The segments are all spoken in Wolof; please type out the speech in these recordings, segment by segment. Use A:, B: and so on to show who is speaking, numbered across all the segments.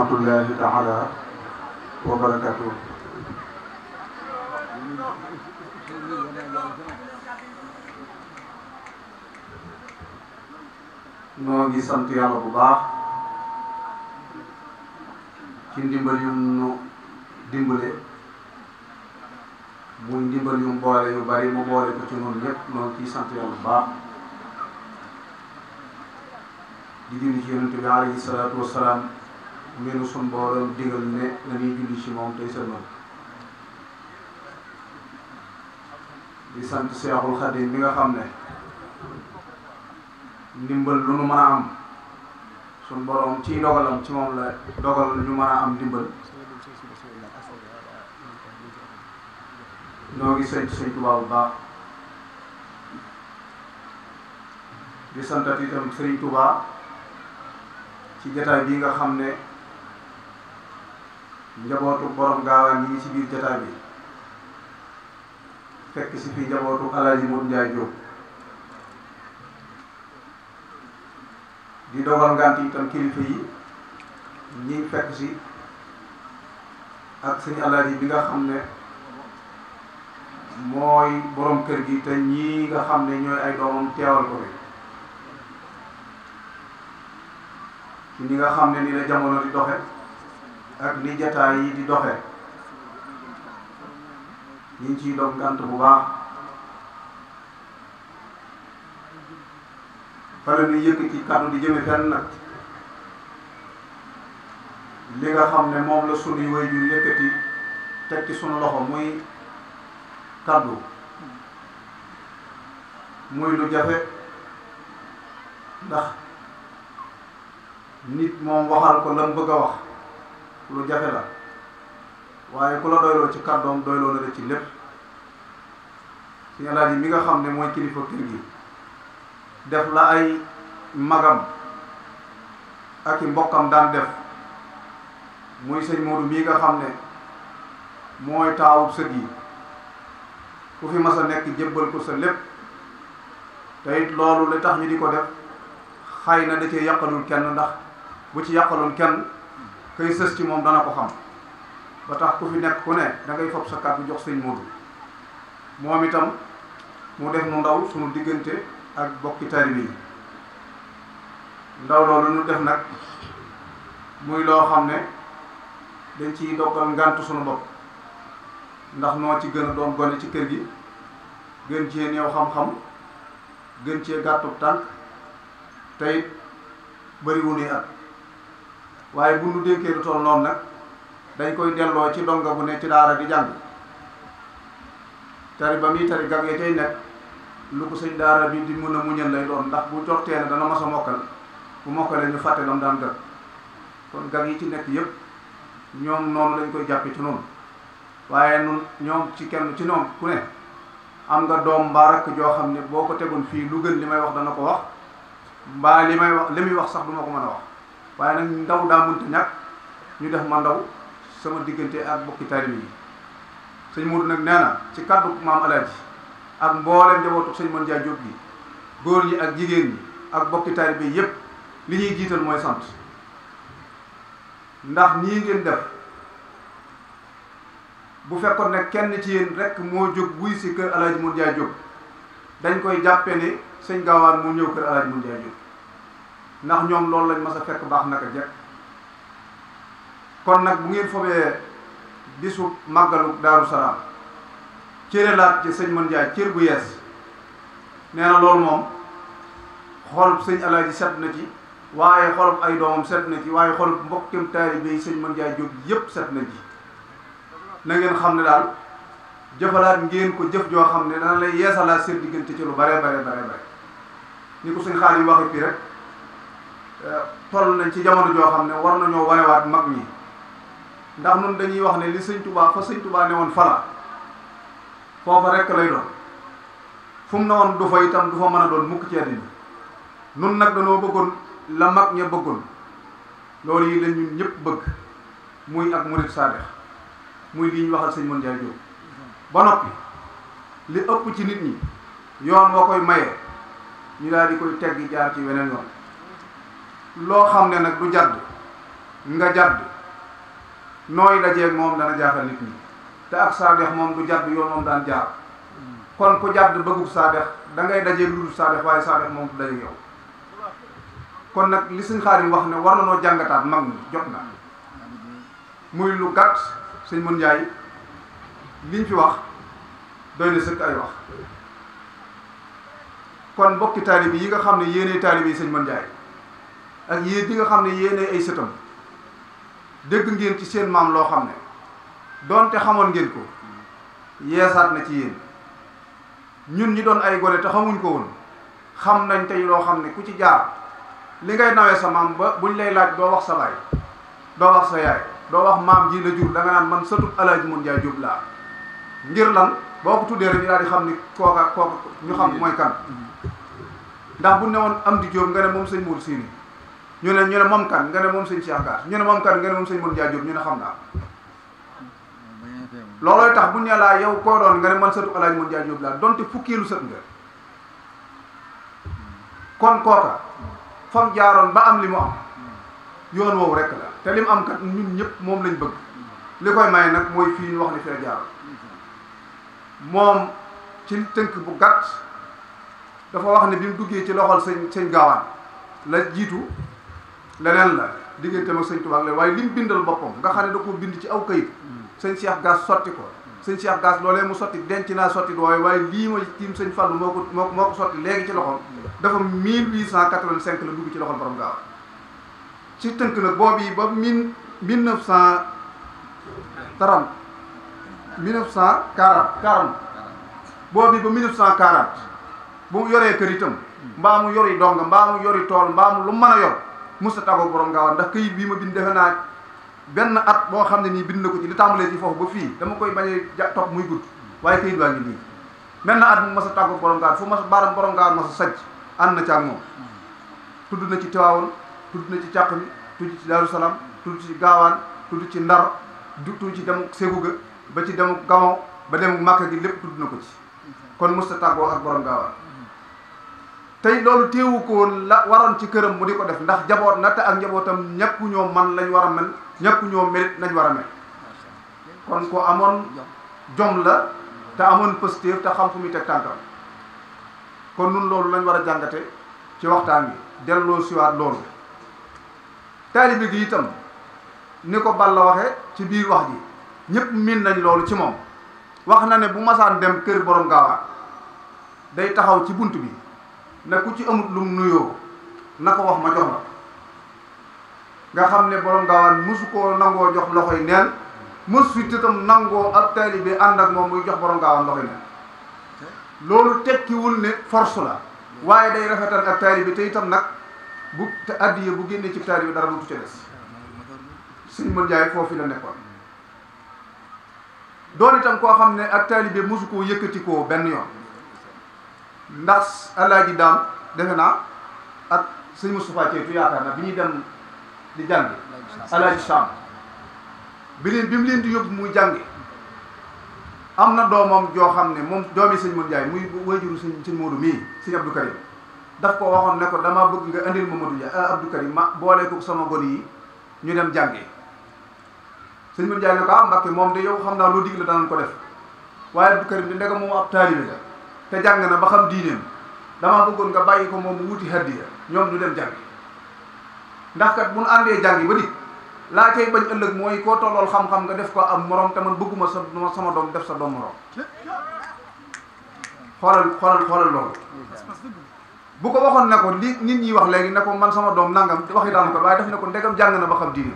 A: rahmatullahi wa barakatuh noo ngi sant yàlla bu baax ci ndimbal yum nu dimbale muy ndimbal yum boole yu bari mu boole ko ci noonu ñépp noo ngi sant yàlla bu baax di julli ci yonente bi alayhi salaatu wasalaam minu suñ booroom digal ne nañuy julli ci moom tey sëlmal di sant Seexul Xadim mi nga xam ne ndimbal lu nu mën a am suñ borom ci dogalam ci moom la dogal ñu mën a am ndimbal ñoo ngi sant Sëñ Tuubaa baax di santati itam Sëriñ Tuubaa ci jataay bi nga xam ne njabootu borom gaawaan yi ci biir jotaay bi fekk si fi njabootu Alaaji Mun Njaay Jóob di dogal ngant itam kilifa yi ñi fekk si ak suñu Alaaji bi nga xam ne mooy boroom kër gi te ñii nga xam ne ñooy ay doomam teewal ko bi ci ñi nga xam ne ni la jamono di doxe ak li jotaay yi di doxe ñu ngi ciy dog gànt bu baax fale ni yëkk ci kàddu di jëme fenn nag li nga xam ne moom la sunuy waajur yëkkati teg ci sunu loxo muy kàddu muy lu jafe ndax nit moom waxal ko lam bëgg a wax lu jafe la waaye ku la doyloo ci kàddoom doyloo na la ci lépp suñu alaaji mi nga xam ne mooy kilifa kër gi def la ay magam ak i mbokkam daan def muy sëñ Modou mii nga xam ne mooy taawub sët yi ku fi mas a nekk jébbal ko sa lépp te loolu li tax mi di ko def xay na da cee yàqalul kenn ndax bu ci yàqaloon kenn kay sës ci moom dana ko xam ba tax ku fi nekk ku ne da ngay fob sa kàddu jox sëñ Modou moom itam mu def nu ndaw suñu diggante ak bokki taalibe yi ndaw loolu nu def nag muy loo xam ne dañ ciy doggal ngànt suñu bopp ndax noo ci gën a doon gone ci kër gi gën cee néew xam-xam gën cee gàttub tànk tey bëriwuñuy at waaye bu nu dénkee lu toll noonu nag dañ koy delloo ci donga bu ne ci daara di jàng tari ba muy tari gag ya cay nekk lu ko sëñ daara bi di mën a muñal lay doon ndax bu jox teene dana mos a mokkal bu mokkalee ñu fàtte lam daan gag kon gag yi ci nekk yëpp ñoom noonu lañ koy jàppee ci noonu waaye nun ñoom ci kenn ci ñoom ku ne am nga doom mbaa joo xam ne boo ko tegoon fii lu gën li may wax dana ko wax mbaa li may wax li muy wax sax du ma ko mën a wax waaye nag ndaw daa mënta ñàkk ñu def ma ndaw sama diggante ak bokki taalibe yi sëñ Modou nag nee ci kaddu maam Alaaji ak mbooleem njabootu sëñ Mën Jaay Jóob gi góor yi ak jigéen ñi ak bokki taalibe yi yépp li ñuy jiital mooy sant ndax nii ngeen def bu fekkoon ne kenn ci yéen rek moo jóg wuy si kër Alaaji Mën Jaay Jóob dañ koy jàppe ne sëñ Gaawaan moo ñëw ndax ñoom loolu lañ mas a fekk baax naka jekk kon nag bu ngeen fobee bisu màggalu daaru salaam cëre laat ci sëñ mën jaay cër bu yees nee na loolu moom xolub sëñ alaaji sedd na ci waaye xolub ay doomam sedd na ci waaye xolub mbokkim taalibe yi sëñ mën jaay jóg yépp set na ci na ngeen xam ne daal jëfalaat ngeen ko jëf joo xam ne dana lay yeesalaat seen diggante ci lu bare bare bare ni ko suñ xaar yi waxee fii rek toll nañ ci jamono joo xam ne war nañoo wanewaat mag ñi ndax nun dañuy wax ne li sëñ tubaa fa sëñ tubaa ne woon fala foofa rekk lay doon fu mu ne du fa itam du fa mën a doon mukk ci àddina nun nag dañoo bëggoon la mag ña bëggoon loolu yi la ñun ñëpp bëgg muy ak murit saadex muy li ñu waxal sëñ mën jaay jóg ba noppi li ëpp ci nit ñi yoon wa koy maye ñu daal di koy teggi jaar ci weneen yoon loo xam ne nag du jadd nga jadd nooy dajeeg moom dana jaaxal nit ñi te ak saadex moom du jadd yoon moom daan jaar kon ku jàdd bëggub saadex da ngay dajeeg lu dul saadex waaye saadex moom du dajeeg yow kon nag li sëñ Xaadim wax ne war na noo jàngataat mag ñi jot na muy lu gàtt sëñ mën njaay liñ fi wax doy na sëkk ay wax kon bokki taalibe yi nga xam ne yéenay taalibe yi sëñ mën njaay ak yéen bi nga xam ne yéenay ay sëtam dégg ngeen ci seen maam loo xam ne doonte xamoon ngeen ko yeesaat na ci yéen ñun ñi doon ay gone te xamuñ ko woon xam nañ tey loo xam ne ku ci jaar li ngay nawee sa maam ba buñ lay laaj doo wax sa baay doo wax sa yaay doo wax maam ji la jur da nga naan man sëtub alaaji mun jaay jub laa ngir lan boo ko tuddee rek ñu daal di xam ni kooka kooka ñu xam mooy kan ndax bu ne woon am di jóob nga ne moom sëñ Mour Sini ñu ne ñu ne moom kan nga ne moom sëñ Cheikh Gass ñu ne moom kan nga ne moom sëñ Modou Dia ñu ne xam naa loolooy tax bu ñu laa yow koo doon nga ne man sëtu El Hadj Modou Dia Diop laa donte fukkeelu sët nga kon kooka fam jaaroon ba am li mu am yoon woowu rek la te li am kat ñun ñëpp moom lañ bëgg li koy may nag mooy fii ñu wax ni fee jaaroon moom ci tënk bu gàtt dafa wax ne bi mu duggee ci loxol sëñ sëñ gaawaan la jiitu leneen la diggante ma sëñ Tuubaa la waaye li bindal boppam nga xam ne da koo bind ci aw kayit sëñ Cheikh Gass sotti ko sëñ Cheikh Gass loolee mu sotti denc naa sotti waaye waaye lii ma tiim sëñ Fallu moo ko moo moo ko sotti léegi ci loxoom dafa 1885 la dugg ci loxol borom gaaw tënk nag boobu yi ba mille mille neuf cent trente mille neuf cent quarante quarante boobu ba mille neuf cent quarante bu yoree kër itam mbaa mu yori dong mbaa mu yori tool mbaa mu lu mën a yor musta tàggoo borom gaawaan ndax këyit bii ma bind defe naa benn at boo xam ne nii bind na ko ci li tàmbalee si foofu ba fii dama koy bañee ja topp muy gudd waaye këyit waa ngi nii mel na at mu mas a tàggoo borom gaawaan fu mas baaram borom gaawaan mas sa sajj ànd na ci ak moom tudd na ci tiwaawoon tudd na ci càq bi tudd ci daaru salaam tudd ci gaawaan tudd ci ndar tudd ci dem séguga ba ci dem gamo ba dem màkka gi lépp tudd na ko ci kon musta tàggoo ak borom gaawaan tey loolu téewu ko la waroon ci këram mu di ko def ndax jaboot na te ak njabootam ñëpp ñoo man lañ war a mel ñëpp ñoo mérite nañ war a mel kon ko amoon jom la te amoon positif te xam fu muy teg tànkam kon nun loolu lañ war a jàngate ci waxtaan bi delloo siwaar loolu taalibe gi itam ni ko Balla waxe ci biir wax ji ñëpp miin nañ loolu ci moom wax na ne bu masaan dem kër borom gaawaan day taxaw ci bunt bi na ku ci amut lum nuyoo na ko wax ma jox la nga xam ne borom gaawaan mosu koo nangoo jox loxoy neen mosu fi tëtam nangoo ak taalibe ànd ak moom muy jox borom gaawaan loxoy neen loolu tekkiwul ne force la waaye day rafetal ak taalibe te itam nag bu te addiye bu génnee ci taalibe dara dootu ci des sëñ mën jaay foofu la nekkoon doon itam koo xam ne ak taalibe mosu koo yëkkatikoo benn yoon ndax alaaji daam defe naa ak sëñ Moustapha Ceytu yaakaar na bi ñuy dem di jàngi alaaji Sam bi leen bi mu leen di yóbbu mu jàngi am na doomam joo xam ne moom doomi sëñ Mourou Ndiaye muy wajuru sëñ sëñ Modou mii sëñ Abdou Karim daf waxoon ne ko dama bëgg nga indil ma Modou ah, boole ko sama gone yi ñu dem jàngi sëñ Mourou Ndiaye ne ah, moom de yow xam naa loo dig la danañ ko def waaye Abdou Karim di ndegam moom ab taalibe la te jàng na ba xam diineem damaa bëggoon nga bàyyi ko moom mu wuti hadiya ñoom du dem jàngi ndax kat bu nu àndee jàngi ba dikk laa cay bañ ëllëg mooy koo tollool xam-xam nga def ko am moroom te man bëgguma sa sama doom def sa doom morom xoolal xoolal xoolal loolu bu ko waxoon ne ko li nit ñi wax léegi ne ko man sama doom nangam waxi daanu ko waaye def ne ko ndegam jàng na ba xam diine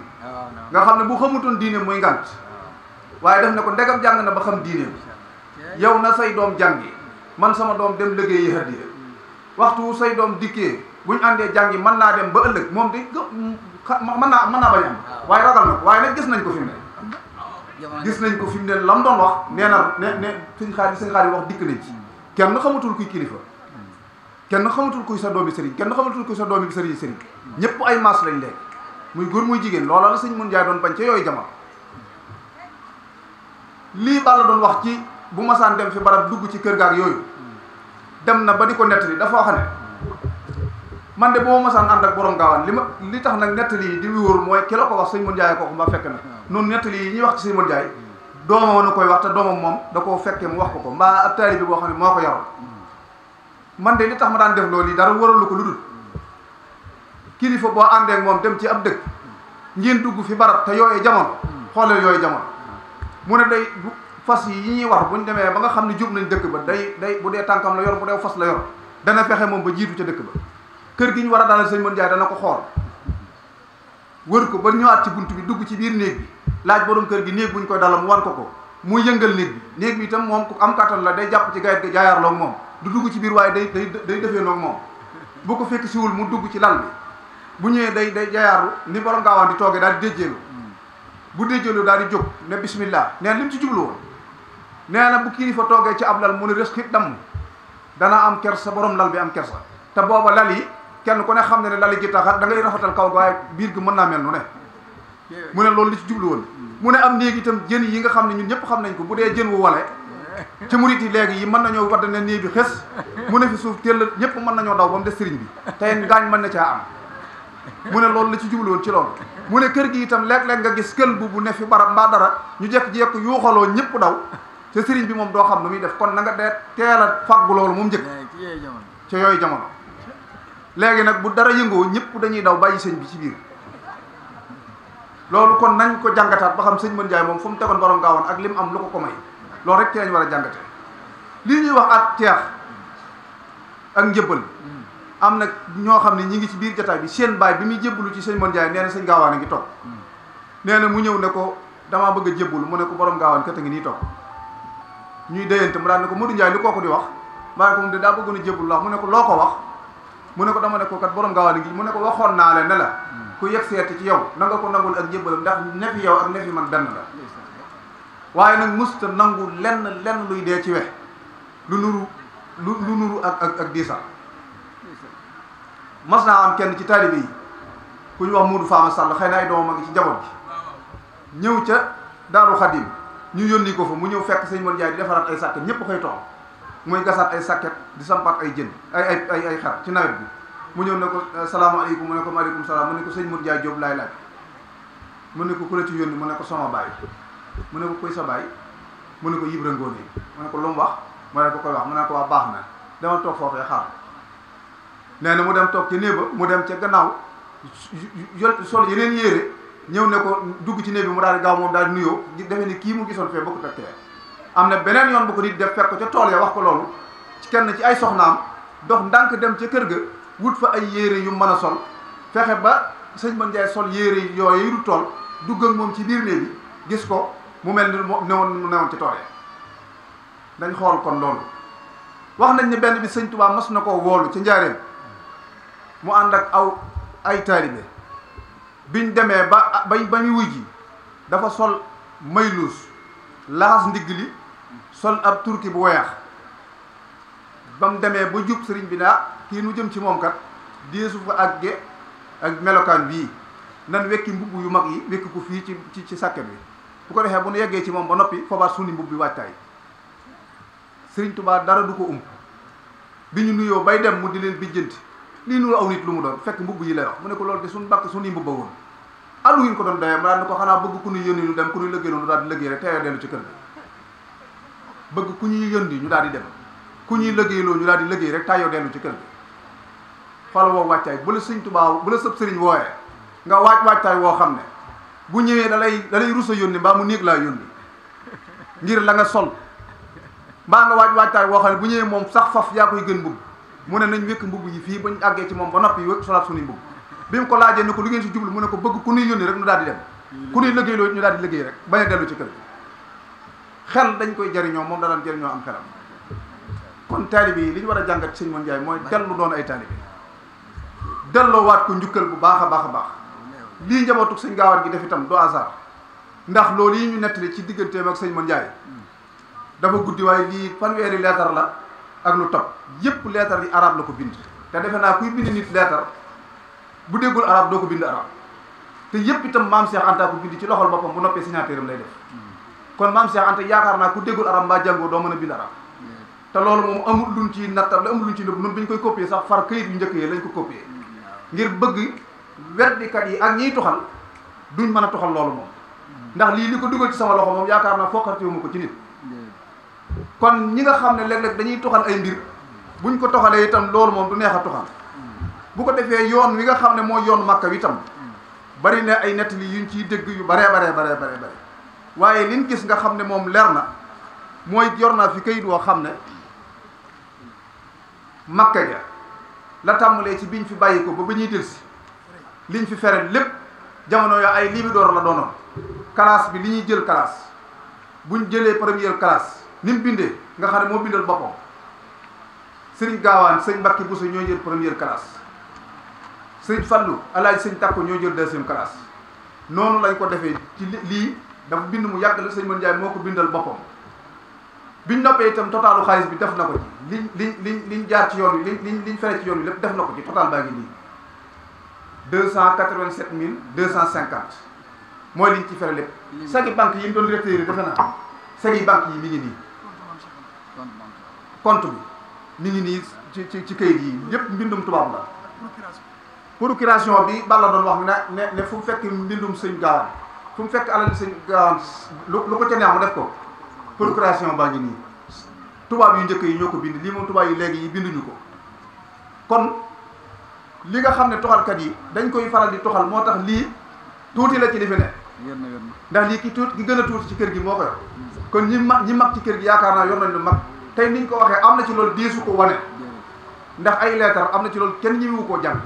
A: nga xam ne bu xamutoon diine mooy ngant waaye def ne ko ndegam jàng na ba xam diine yow na say doom jàngi man sama doom dem liggéeyi hadiya waxtu say doom dikkee buñ àndee jàngi man naa dem ba ëllëg moom di mm, mën naa mën naa bañ am ah. waaye ragal na waaye nag gis nañ ko fi ne gis nañ ko fi mu ne lam doon wax nee na ne ne suñ xaar wax dikk nañ ci kenn xamatul kuy kilifa kenn xamatul kuy sa doomi sëriñ kenn xamatul kuy sa doomi sëriñ sëriñ ñëpp ay maas lañ léegi muy góor muy jigéen loola la sëñ mun jaay doon bañ ca yooyu jamono lii bàlla doon wax ci bu masaan dem fi barab dugg ci kër gaar yooyu dem na ba di ko nettali dafa wax ne man de boo masaan ànd ak borom gaawaan li ma li tax nag nettali yi di wóor mooy ki ko wax sëñ Mor Ndiaye ko wax mbaa fekk na noonu nettali yi ñu wax ci sëñ Mor jaay doomam woon na koy wax te doomam moom da koo fekkee mu wax ko ko mbaa ab bi boo xam ne moo ko yaroon man de li tax ma daan def loolu yi dara waralu ko lu dul kilifa boo àndee moom dem ci ab dëkk ngeen dugg fi barab te yooyee jamono xoolal yooyu jamono fas yi yi ñuy wax bu ñu demee ba nga xam ne jub nañ dëkk ba day day bu dee tànkam la yor bu dee fas la yor dana fexe moom ba jiitu ca dëkk ba kër gi ñu war a dalal sëñ mën jaay dana ko xool wër ko ba ñëwaat ci bunt bi dugg ci biir néeg bi laaj boroom kër gi néeg bu ñu koy dalal mu war ko ko muy yëngal néeg bi néeg bi itam moom ku am kattan la day jàpp ci gayet ga jaayaarloo moom du dugg ci biir waaye day day day defee noog moom bu ko fekk siwul mu dugg ci lal bu ñëwee day day jayaaru ni borom gaawaan di toogee daal di déjjeelu hmm. bu déjjeelu daal di jóg ne bismillah neen li ci jublu nee na bu kilifa toogee ci ab lal mu ne rës xit damm dana am ker kersa borom lal bi am kersa te booba lal yi kenn ku ne xam ne ne lal yi gittaxar dangay ngay rafetal kaw waaye biir gi mën naa mel nu ne mu ne loolu li ci jublu woon mu ne am néeg jën yi nga xam ne ñun ñëpp xam nañ ko bu dee jën wu wale ci murit yi léegi yi mën nañoo wadd ne néeg bi xës mu ne fi suuf teel ñëpp mën nañoo daw ba mu des sëriñ bi tey gaañ mën na caa am mu ne loolu la ci jublu woon ci loolu mu ne kër gi itam léeg-léeg nga gis kël bu bu ne fi barab mbaa dara ñu jekk-jekk yuuxaloo ñëpp daw te sëriñ bi moom doo xam lu muy def kon na nga dee teel a fàggu loolu moom njëkk eh, ca yooyu jamono léegi nag bu dara yëngoo ñëpp dañuy daw bàyyi sëñ bi ci biir loolu kon nañ ko jàngataat ba xam sëñ mën jaay moom fu mu tegoon borom gaawoon ak mu am lu ko ko may loolu rek ci lañ war a jàngate lii ñuy wax ak teex ak njëbbal hmm. am nag ñoo xam ne ñi ngi ci biir jataay bi seen baay bi muy jébbalu ci sëñ mën jaay nee na sëñ gaawaan a ngi toog hmm. nee na mu ñëw ne ko damaa bëgg a mu ne ko borom gaawaan kat a nii toog ñuy déyante mu daan ne ko Modou Ndiaye li kooku di wax maa ngi ko daa bëggoon a jébul mu ne ko loo ko wax mu ne ko dama ne ko kat borom gaawal gi mu ne ko waxoon naa leen ne la hmm. ku yegg seeti ci yow na nga ko nangul ak jébalam ndax nefi yow ak nefi man benn la waaye nag musta nangu lenn lenn luy dee ci we lu nuru lu lu nuru ak ak ak diisa mas naa am kenn ci taalibe yi ku ñu wax Modou Fama Sall xëy na ay doomam a ngi ci njaboot gi ñëw ca Daaru Xadim ñu yónni ko fa mu ñëw fekk sëñ Mor Njaay di defaraat ay sàkket ñëpp koy toxal muy gasaat ay sàkket di sampaat ay jën ay ay ay xar ci nawet bi mu ñëw ne ko salaamaaleykum mu ne ko maaleykum salaam mu ne ko sëñ Mor Njaay Jóob laay laaj mu ne ko ku la ci yónni mu ne ko sama baay mu ne ko kuy sa baay mu ne ko Ibra Ngoone mu ne ko lu mu wax mu ne ko koy wax mu ne ko waa baax na dama toog foofee xaar nee na mu dem toog ci néeg ba mu dem ca gannaaw sol yeneen yére ñëw ne ko dugg ci néeg bi mu daal di gaaw moom daal nuyoo di defe ni kii mu gisoon fee bokkut ak kee am na beneen yoon bu ko nit def fekk ko ca tool ya wax ko loolu ci kenn ci ay soxnaam dox ndànk dem ca kër ga wut fa ay yére yu mën a sol fexe ba sëñ mën jaay sol yére yooyu du tool dugg ak moom ci biir néeg bi gis ko mu mel ni mu newoon newoon ci tool ya dañ xool kon loolu wax nañ ne benn bi sëñ Tuubaa mas na koo woolu ci njaareem mu ànd ak aw ay taalibe biñ demee ba ba ba ñu wuy ji dafa sol mayluus laxas ndigg li sol ab turki bu weex ba mu demee ba jub sëriñ bi naa kii nu jëm ci moom kat deesu fa ak melokaan bii nan wekki mbubb yu mag yi wekki ko fii ci ci ci sàkket bi bu ko defee bu nu yeggee ci moom ba noppi foobaat suni mbubb bi wàccaay sëriñ Tuubaa dara du ko ump bi ñu nuyoo bay dem mu di leen bijjanti lii nuru aw nit lu mu doon fekk mbubb yi lay wax mu ne ko loolu de suñ bàkk suni mbubba woon àll yu ko doon doyee daan na ko xanaa bëgg ku ñu yónni ñu dem ku ñu lëggee noonu di lëggee rek teewee dellu ci kër bi bëgg ku ñuy yónni ñu daal di dem ku ñuy lëggéeyloo ñu daal di lëggéey rek taayoo dellu ci kër bi fala woo wàccaay bu la sëñ tubaa bu la sëb sëriñ wooyee nga waaj wàccaay woo xam ne bu ñëwee da lay da lay rusa yónni mbaa mu néeg laa yónni ngir la nga sol mbaa nga waaj wàccaay woo xam ne bu ñëwee moom sax faf yaa koy gën mbubb mu ne nañ wékk mbubb yi fii bañ àggee ci moom ba noppi wékk solaat suñu mbubb li mu ko laajee ni ko lu ngeen si jublu mu ne ko bëgg ku nuy yónni rek ñu daal di dem ku nuy liggéey loolu ñu daal di liggéey rek bañ a dellu ci kër xel dañ koy jariñoo moom da daan jariñoo am xelam kon taalibe yi li ñu war a jàngat sëñ Mor Ndiaye mooy dellu doon ay taalibe delloowaat ko njukkal bu baax a baax a baax lii njabootug sëñ gaawaat gi def itam du hasard ndax loolu yi ñu nettali ci digganteem ak sëñ Mor Ndiaye dafa guddi waaye lii fanweeri leetar la ak lu topp yépp leetar yi arab la ko bind te defe naa kuy bind nit leetar bu déggul arab doo ko bind arab te yépp itam maam Cheikh Anta ko bind ci loxol boppam bu noppee signature am lay def kon maam Cheikh Anta yaakaar naa ku déggul arab mbaa jàngoo doo mën a bind arab te loolu moom amul luñ ci nattab la amul luñ ci nëbb noonu bi koy copier sax far këyit yu njëkk yi lañ ko copier ngir bëgg weddikat yi ak ñiy toxal du mën a toxal loolu moom ndax lii li ko dugal ci sama loxo moom yaakaar naa fokkarti ma ko ci nit kon ñi nga xam ne léeg-léeg dañuy toxal ay mbir bu buñ ko toxalee itam loolu moom du neex a toxal bu ko defee yoon wi nga xam ne mooy yoon màkka wi tam bari na ay nettali yuñ ciy dégg yu baree baree bare baree bare waaye liñ gis nga xam ne moom leer na mooy yor naa fi kayit woo xam ne makk ja la tàmbalee ci biñ fi bàyyi ko ba ba ñuy delsi liñ fi fere lépp jamono ya ay libi door la doonoon classe bi li ñuy jël classe buñ jëlee première classe ni mu bindee nga xam ne moo bindal boppam sëriñ gaawaan sëñ Mbàkke Buso ñooy jël première classe sëñ Fallou alaaj sëñ takk ñoo jël deuxième classe noonu lañ ko defee ci lii dafa bind mu yàgg la sëñ Mën Njaay moo ko bindal boppam biñ noppee itam totalu xaalis bi def na ko ci liñ liñ liñ liñ jaar ci yoon liñ liñ liñ fere ci yoon wi lépp def na ko ci total baa ngi nii deux cent quatre-vingt-sept mille deux cent cinquante mooy liñ ci fere lépp sagi banque yi ñu doon retiré defe naa sagi banque yi mi ngi nii compte bi mi ngi nii ci ci ci kayit yi yépp mbindum tubaab la procuration bi balla doon wax ne ne fu mu fekk mbindum sëñ gaawaan fu mu fekk alal sëñ gaawaan lu ko ca neex mu def ko procuration baa ngi nii tubaab yu njëkk yi ñoo ko bind lii moom tubaab yi léegi yi binduñu ko kon li nga xam ne toxalkat yi dañ koy faral di toxal moo tax lii tuuti la ci li fi ne ndax lii ki tuut ki gën a tuuti ci kër gi moo ko yor kon ñi mag ñi mag ci kër gi yaakaar naa yor nañ lu mag tey niñ ko waxee am na ci loolu diisu ko wane ndax ay leetar am na ci loolu kenn ñi wu koo jàng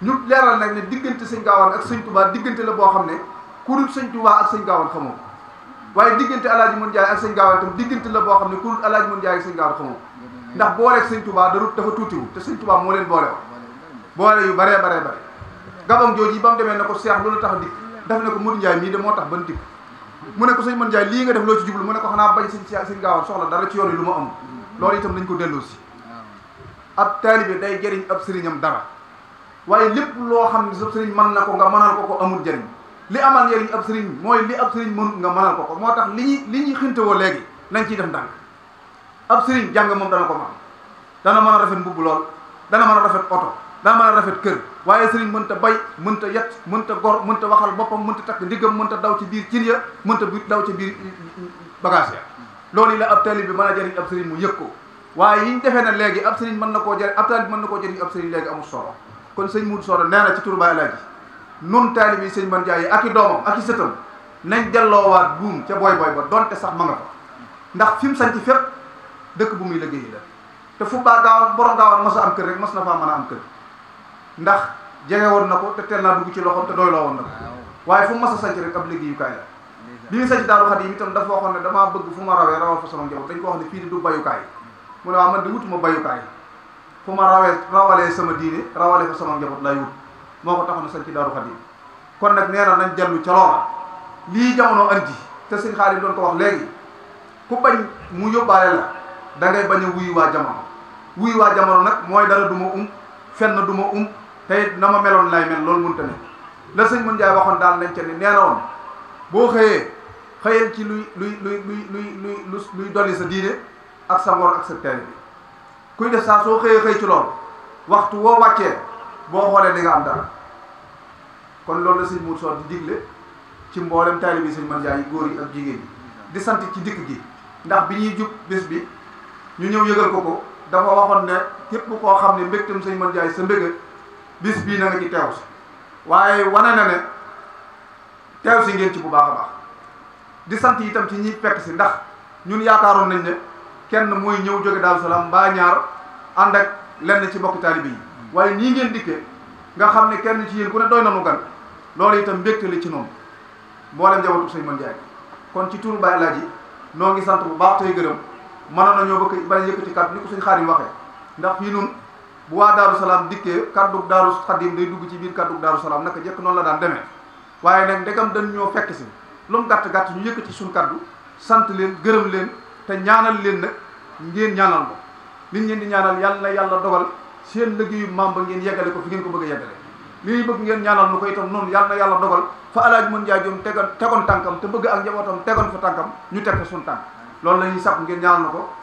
A: ñu leeral nag ne diggante sëñ gaawaan ak sëñ tubaa diggante la boo xam ne ku dul sëñ tubaa ak sëñ gaawaan xamoo waaye diggante alaaji mun jaay ak sëñ gaawaan la boo xam ne ku dul alaaji mun jaay ak sëñ gaawaan xamoo ndax booleeg sëñ tubaa darut dafa tuutiwu te sëñ tubaa moo leen boole woon boole yu baree baree bare gabam jooju yi ba mu demee ne ko seex loolu tax dikk daf ne ko mun njaay mii de moo tax ban dikk mu ne ko sëñ mën njaay lii nga def loo ci jublu mu ne ko xanaa bañ sëñ sëñ gaawaan soxla dara ci yoon yi lu ma am loolu itam nañ ko delloosi ab taalibe day jëriñ ab sëriñam dara waaye lépp loo xam ne sa sëriñ mën na ko nga mënal ko ko amul jëriñ li amal njëriñ ab sëriñ mooy li ab sëriñ mun nga mënal ko ko moo tax li ñuy li ñuy xintewoo nañ ciy def ndànk ab sëriñ jàng moom dana ko mën dana mën rafet mbubb lool dana mën a rafet oto dana mën rafet kër waaye sëriñ ta bay mënta yet mënta gor mënta waxal boppam mënta takk ndiggam mënta daw ci biir cin ya mënta daw ci biir bagage ya loolu yi la ab taalibe bi mën a jëriñ ab sëriñ mu yëg ko waaye yi defee na léegi ab sëriñ mën na koo jëriñ ab taalibe mën na koo jëriñ ab léegi amul solo kon sëñ Moudou Soxna nee na ci turu Baay Alaaji nun taalib yi sëñ man jaay yi ak i doomam ak i sëtam nañ delloowaat buum ca booy booy ba donte sax ma a fa ndax fi mu sanc fépp dëkk bu muy liggéey la te fu baa gaaw borom gaawaan mos a am kër rek mos na fa mën a am kër ndax jege woon na ko te teel naa dugg ci loxoom te doyloo woon na ko waaye fu mos a sanc rek ab liggéeyukaay la bi ñu sanc Daaru Xadim dafa waxoon ne damaa bëgg fu ma rawee rawal fa sama njaboot dañ ko wax ne fii di du bayukaay mu ne waaw man di wutuma bayukaay fu ma rawee rawalee sama diine rawale ko sama njaboot lay wut moo ko taxoon sañ ci Daaru Xadim kon nag nee na nañ jallu ca loola lii jamono andi te sëñ Xaadim doon ko wax léegi ku bañ mu yóbbaale la da ngay bañ a waa jamono wuyu waa jamono nag mooy dara du ma um fenn du ma um tey na ma meloon lay mel loolu mënta ne la sëñ mun jaay waxoon daal nañ ca ni nee na woon boo xëyee xëyal ci luy luy luy luy luy luy dolli sa diine ak sa ngor ak sa bi kuy def saa soo xëyee xëy ci lool waxtu woo wàccee boo xoolee di nga am dara kon loolu la sëñ Mour Sow di digle ci mboolem taalibi yi man jaay yi góor yi ak jigéen yi di sant ci dikk gi ndax bi ñuy jub bés bi ñu ñëw yëgal ko ko dafa waxoon ne képp koo xam ne mbégtam sëñ man jaay sa mbégal bis bii na nga ci teew si waaye wane na ne teew si ngeen ci bu baax a baax di sant itam ci ñi fekk si ndax ñun yaakaaroon nañ ne kenn mooy ñëw jóge Daaru Salaam mbaa ñaar ànd ak lenn ci mbokk taalibe yi waaye ñii ngeen dikkee nga xam ne kenn ci yéen ku ne doy na nu gan loolu itam mbégte la ci noonu mboolem njabootu sëñ Mame Ndiaye kon ci turu Baye El Hadji noo ngi sant bu baax tey gërëm mënoon na ñoo bëgg bañ a yëkkati kàddu ni ko suñ Xaadim waxee ndax fii nun bu waa Daaru Salaam dikkee kàddu Daaru Xaadim day dugg ci biir kàddu Daaru Salaam naka jëkk noonu la daan demee waaye nag ndegam dañ ñoo fekk si lu gàtt gàtt ñu yëkkati suñ kàddu sant leen gërëm leen te ñaanal leen nag ngeen ñaanal ko liñ ngeen di ñaanal yàlla na yàlla dogal seen liggéeyu membre ngeen yeggale ko fi ngeen ko bëgg a yeggale lii bëgg ngeen ñaanal nu ko tam noonu yàlla na yàlla dogal fa alaaji mën jaay joom tegoon tegoon tànkam te bëgg ak njabootam tegoon fa tànkam ñu teg ko suñu tànk loolu la ñuy sàpp ngeen ñaanal na ko